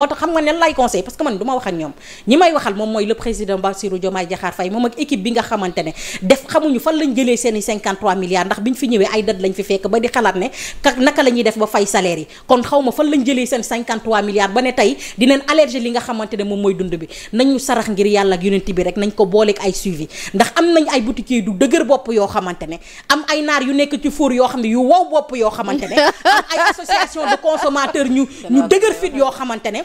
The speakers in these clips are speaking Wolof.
moo tax xam nga ne lay conseil parce que man du ma wax ak ñoom ñi may waxal moom mooy le président Bassirou Diomaye Diakhar Faye seen 53 milliards ba ne tey dinañ allergie ne moom mooy dund bi nañu sarax ngir yàlla ak yonent bi rek nañ ko booleeg ay suivi ndax am nañ ay boutiquiers du dëgër bopp yoo xamante ne am ay naar yu nekk ci fóor yoo xam ne yu wow bopp yoo xamante ne am ay association de consommateurs ñu dëgër fit yoo xamante ne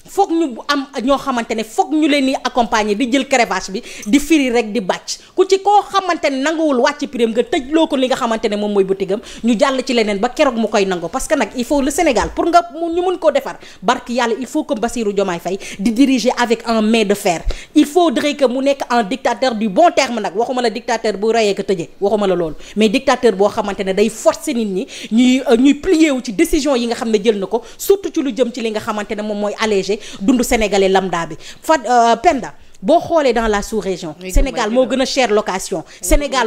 foog ñu am ñoo xamante ne foog ñu leen di accompagner di jël crevage bi di firi rek di bàcc ku ci koo xamante ne nanguwul wàcc prime nga tëj loo ko li nga xamante ne moom mooy boutique am ñu jàll ci leneen ba keroog mu koy nangu parce que nag il faut le Sénégal pour nga ñu mun koo defar barke yàlla il faut que Bassirou Diomaye Faye de fer il faudrait que mu nekk un dictateur du bon terme nag waxuma la dictateur bu rayee ko tëjee waxuma la loolu mais dictateur boo xamante ne day forcer nit ñi ñuy ñuy plier wu ci décision yi nga xam ne jël na ko surtout ci lu jëm ci li xamante ne moom mooy allégé dund sénégalais lambda bi fa euh, Penda boo xoolee dans la sous-région Sénégal moo gën a cher location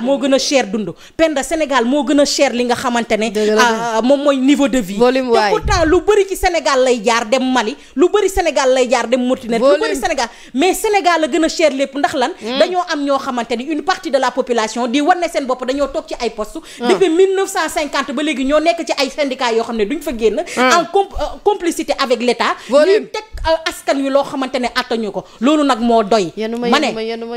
moo gën a dund penda Sénégal moo gën a cher li nga xamante ne ah, moom mooy niveau de vie te pourtant lu bëri ci Sénégal lay jaar dem Mali lu bëri Sénégal lay jaar dem Mauritanie lu bëri Sénégal mais Sénégal a gën a cher lépp ndax lan hmm. dañoo am ñoo xamante ni une partie de la population di wane seen bopp dañoo toog ci ay poste hmm. depuis 1950 ba léegi ñoo nekk ci ay syndicats yoo xam ne duñ fa génn hmm. en euh, complicité avec l'État ñuy teg euh, askan wi loo xamante ne attañu ko loolu nag moo doy yi ma ne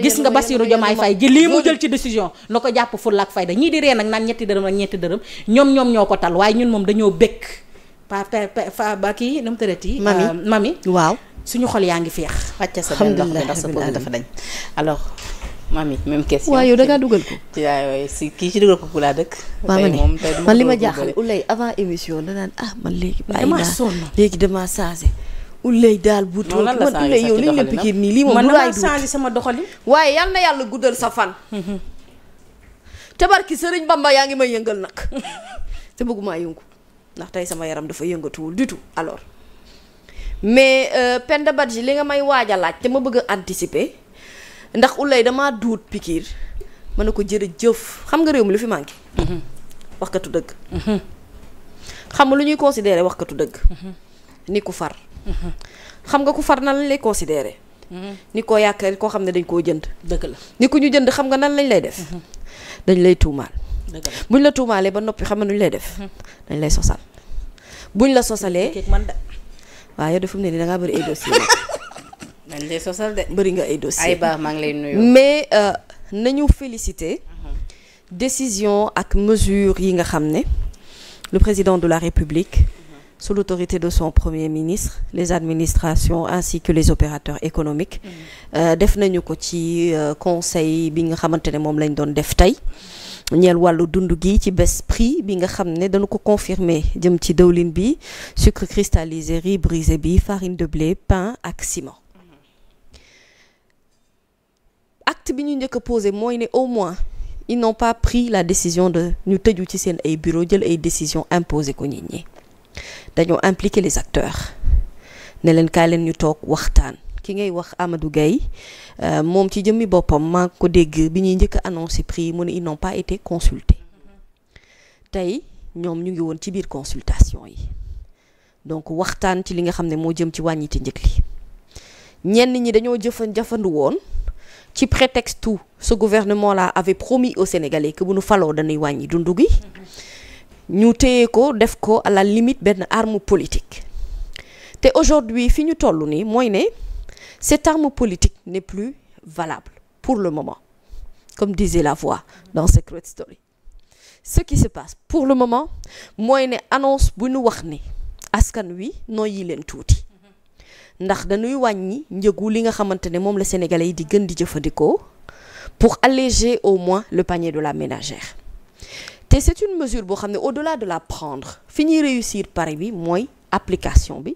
gis nga Bassirou Diomaye Faye ji lii mu jël ci décision na ko jàpp fulla ak fayda ñii di ree nag naan ñetti dërëm ak ñetti dërëm ñoom ñoom ñoo ko tal waaye ñun moom dañoo békk pa fa ba kii nu mu tërati euh, mami mami waaw suñu xol yaa ngi feex wàcce sa benn loxo bi ndax sa pose dafa dañ alors mami même question waaw da ngaa dugal ko. si kii ko ku laa dëkk. tey moom man li ma jaaxal Ulay avant émission da naan ah man léegi. bàyyi naa léegi damaa si ulay daal bu toog man ulay yow la piqué nii lii moom du laay duut sama doxalin waaye yal na yàlla guddal sa fan tabarki sëriñ Bamba yaa ngi may yëngal nag te bëggumaa yëngu ndax tey sama yaram dafa yëngatuwul du tout alors mais euh, Penda ji li nga may waaja laaj te ma bëgg a anticiper ndax ulay damaa duut pikiir ma ne ko jërëjëf xam nga réew mi lu fi manqué mhm. waxkatu dëgg mhm. xam lu ñuy considéré waxkatu dëgg mhm. ni ku far xam nga ku far nan lañ lay considéré. Mm-hmm. ni koo yaakaar koo xam ne dañ koo jënd. dëgg la ni ku ñu jënd xam nga nan lañ lay def. Mm-hmm. dañ lay tuumaal. buñ la tuumaalee ba noppi xam nga nuñ def. Mm-hmm. dañ lay sosal buñ la sosalee. man da waaw yow de ne nii da ngaa bëri ay dossiers dañ lay sosal de. nga ay dossiers ay baax maa ngi lay nuyu. mais euh, nañu féliciter. décision ak mesure yi nga xam ne lu président de la république. sous l'autorité de son premier ministre les administrations ainsi que les opérateurs économiques mm. euh, def nañu ko ci euh, conseil bi nga xamante ne moom lañ doon def tey ñeel wàllu dund gi ci baisse prix bi nga xam ne danu ko confirmer jëm ci dëwlin bi sucre cristallisé riz brisé bi farine de blé pain ak simon acte bi ñu njëkk a posé mooy ne au moins ils n'ont pas pris la décision de ñu tëju ci seen ay bureau jël ay décision imposé ko nit ñi dañoo impliquer les acteurs ne leen kaay leen ñu toog waxtaan ki ngay wax Amadou Gaye euh, moom ci jëmmi boppam maa ko dégg bi ñuy njëkk a annoncé prix mu ne ils n'ont pas été consultés tey ñoom ñu ngi woon ci biir consultation yi donc waxtaan ci li nga xam ne moo jëm ci wàññite njëkk li ñenn ñi dañoo jëfan jafandu woon ci prétexte tout ce gouvernement là avait promis aux Sénégalais que bu nu faloo dañuy wàññi dundu gi ñu téye ko def ko à la limite benn arme politique te aujourd'hui fi ñu toll nii mooy ne cette arme politique n'est plus valable pour le moment comme disait la voix dans Secret Story ce qui se passe pour le moment mooy ne annonce bu nu wax ni askan wi nooy yi leen tuuti ndax dañuy wàññi njëgu li nga xamante ne moom la sénégalais yi di gën di jëfandikoo pour alléger au moins le panier de la ménagère te c'est une mesure boo xam ne au-delà de la prendre fi ñuy réussir pari bi mooy application bi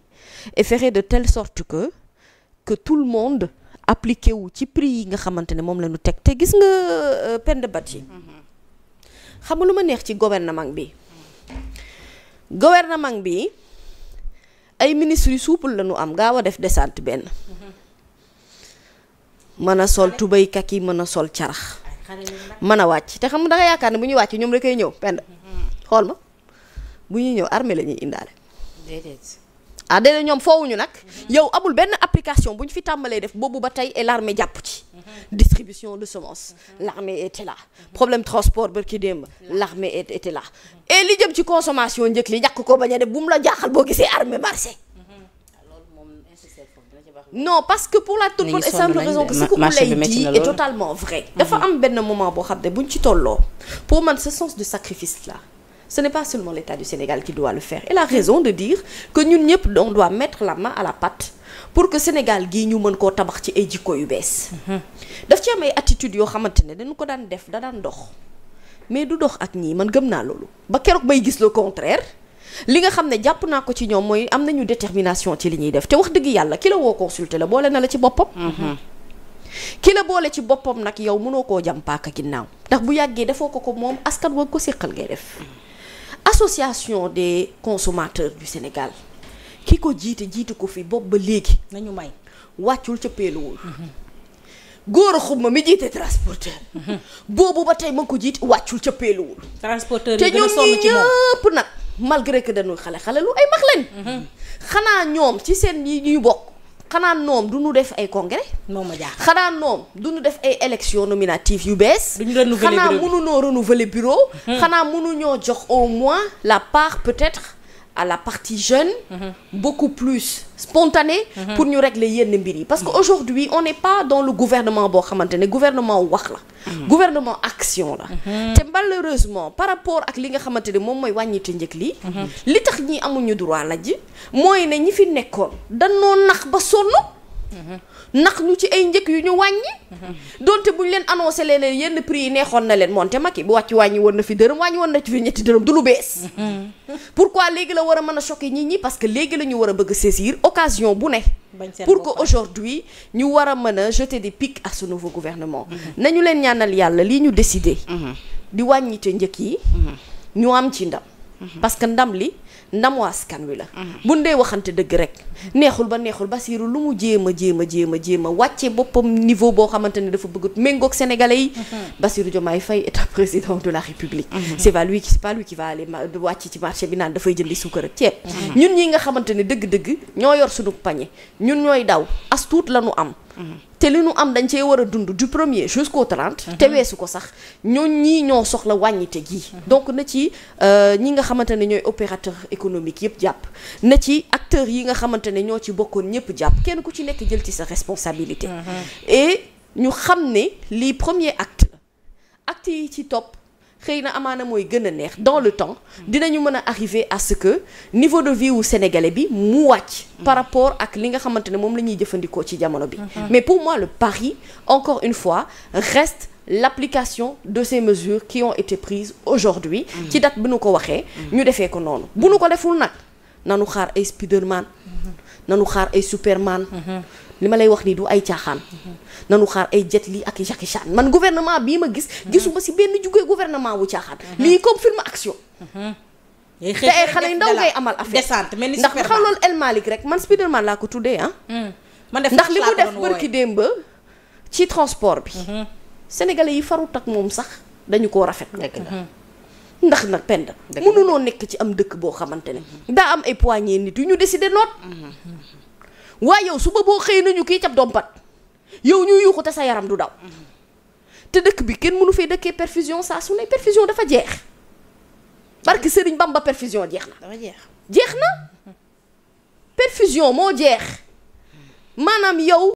et fexe de telle sorte que que tout le monde appliqué wu ci prix yi nga xamante ne moom la ñu teg te gis nga peine de yi xam nga lu ma neex ci gouvernement bi gouvernement bi ay ministres yu souple la ñu am gaaw a def descente benn mën a sol tubéykat yi mën a sol carax man a wàcc te xam nga da nga yaakaar ne bu ñuy wàcc ñoom rekk ay ñëw pend mm-hmm. xool ma bu ñuy ñëw armée la ñuy indaale déedéet ah ñoom foowuñu nag mm-hmm. yow amul benn application bu ñu fi tàmbalee def boobu ba tey et l'armée jàpp ci mm-hmm. distribution de semences l'armée était là problème transport barki démb l'armée était là et li jëm ci consommation njëkk li ñàkk ko bañ a def bu mu la jaaxal boo gisee armée marché non parce que pour la toute bonne et simple raison que ce totalement vrai. Mhm. dafa am benn moment boo xam ne bu ñu ci tolloo pour man ce sens de sacrifice là ce n'est pas seulement l'État du Sénégal qui doit le faire elle a raison de dire que ñun ñëpp on doit mettre la main à la pâte pour que Sénégal gi ñu mën koo tabax ci ay jikko yu bees. Mhm. daf ci am ay attitudes yoo xamante ne dañu ko daan def da daan dox mais du dox ak ñii man gëm naa loolu ba keroog may gis le contraire. li nga xam ne jàpp naa ko ci ñoom mooy am na ñu détermination ci li ñuy def te wax dëgg yàlla ki la woo consulté la boole na la ci boppam. Mm-hmm. ki la boole ci boppam nag yow mënoo koo jam paaka ginnaaw ndax bu yàggee defoo ko ko moom askan wa ko séqal ngay def. association des consommateurs du Sénégal ki ko jiite jiite ko fi bopp ba léegi. nañu may wàccul ca peeluwul. ma a xumma mi jiite transporteur. Mm-hmm. boobu ba tey ma ko jiite wàccul ca peeluwul. transporteur a malgré que dañuy xale xale lu ay mag leen. Mhm. xanaa ñoom ci seen yi ñuy bokk. xanaa noom du ñu def ay congrès. moom ma jaaxal xanaa noom du ñu def ay élections nominatives yu bees. duñu renouveler bureau xanaa mënuñoo renouveler bureau. Mhm. xanaa mënuñoo jox au moins la paax peut-être. à la partie jeune. Mm -hmm. beaucoup plus spontanée. Mm -hmm. pour ñu régler yenn mbir yi parce que aujourd'hui on n'est pas dans le gouvernement boo xamante ne gouvernement wax la. gouvernement action la. te malheureusement par rapport ak li nga xamante ne moom mooy wàññite njëg lii. li tax ñi amuñu droit la ji mooy ne ñi fi nekkoon danoo nax ba sonn. ndax ñu ci ay njëkk yu ñu wàññi bu buñ leen annoncé leen yenn prix yi neexoon na leen moonte yi bu wàcc wàññi woon na fi dërëm wàññi woon na fi ñetti dërëm du lu bees pourquoi léegi la war a mën a choquer nit ñi parce que léegi lañu war a bëgg saisir occasion bu ne pour que aujourd'hui ñu war a mën a jeter des pics à ce nouveau gouvernement nañu leen ñaanal yàlla lii ñu décider mhm. di wàññi te njëkk yi mhm. ñu am ci ndam mhm. parce ndam li ndamu askan wi la. buñ dee waxante dëgg rek neexul ba neexul Basiru lu mu jéem a jéem a jéem a jéem a wàcce boppam niveau boo xamante ne dafa bëgg méngoog sénégalais yi. Basiru Diomaye Faye est président de la République. Mhm. c'est pas lui qui c'est pas lui qui va aller wàcc ci marché bi naan dafay jëndi suukar ak ceeb. Mhm. ñun ñi nga xamante ne dëgg-dëgg ñoo yor suñu pañe ñun ñooy daw as tuut la ñu am. Mhm. te li nu am dañ cee war a dund du premier jusqu'au trente te mhm. weesu ko sax ñooñ ñii ñoo soxla wàññite gi mhm. donc na ci euh, ñi nga xamante ne ñooy opérateur économique yëpp jàpp na ci acteurs yi nga xamante ne ñoo ci bokkoon ñëpp jàpp kenn ku ci nekk jël ci sa responsabilité mhm. et ñu xam ne li premier acte acte yi ci topp xëy na amaana mooy gën a neex dans le temps dinañu mën a arriver à ce que niveau de vie wu bi mu wàcc par rapport ak li nga xamante ne moom la ñuy jëfandikoo ci jamono bi mm-hmm. mais pour moi le pari encore une fois reste l'application de ces mesures qui ont été prises aujourd'hui mm-hmm. ci date bi nu ko waxee mm-hmm. ñu defee ko noonu bu nu ko deful nag nanu xaar ay Spiderman nanu xaar ay Superman li ma lay wax nii du ay caaxaan. nanu xaar ay jet lii ak Jackie Chan man gouvernement bii ma gis. gisuma si benn jugee gouvernement wu caaxaan. lii comme film action. te ay xale yu ndaw ngay amal affaire descente mel ni ndax xam rek man Spiderman laa ko tuddee ah. Hmm. man def ndax li mu def bërki démb ci transport bi. Hmm. sénégalais yi farut ak moom sax dañu ko rafet. Hmm. ndax nag pend mënunoo nekk ci am dëkk boo xamante ne. daa am ay poignée nit yu ñu décidé noot. waaye yow suba boo xëy nañu kii cab dompat yow ñu yuuxu te sa yaram du daw te dëkk bi kenn mënu fee dëkkee perfusion saa su ne perfusion dafa jeex barke Sëriñ Bamba perfusion jeex na. dafa jeex jeex na perfusion moo jeex maanaam yow.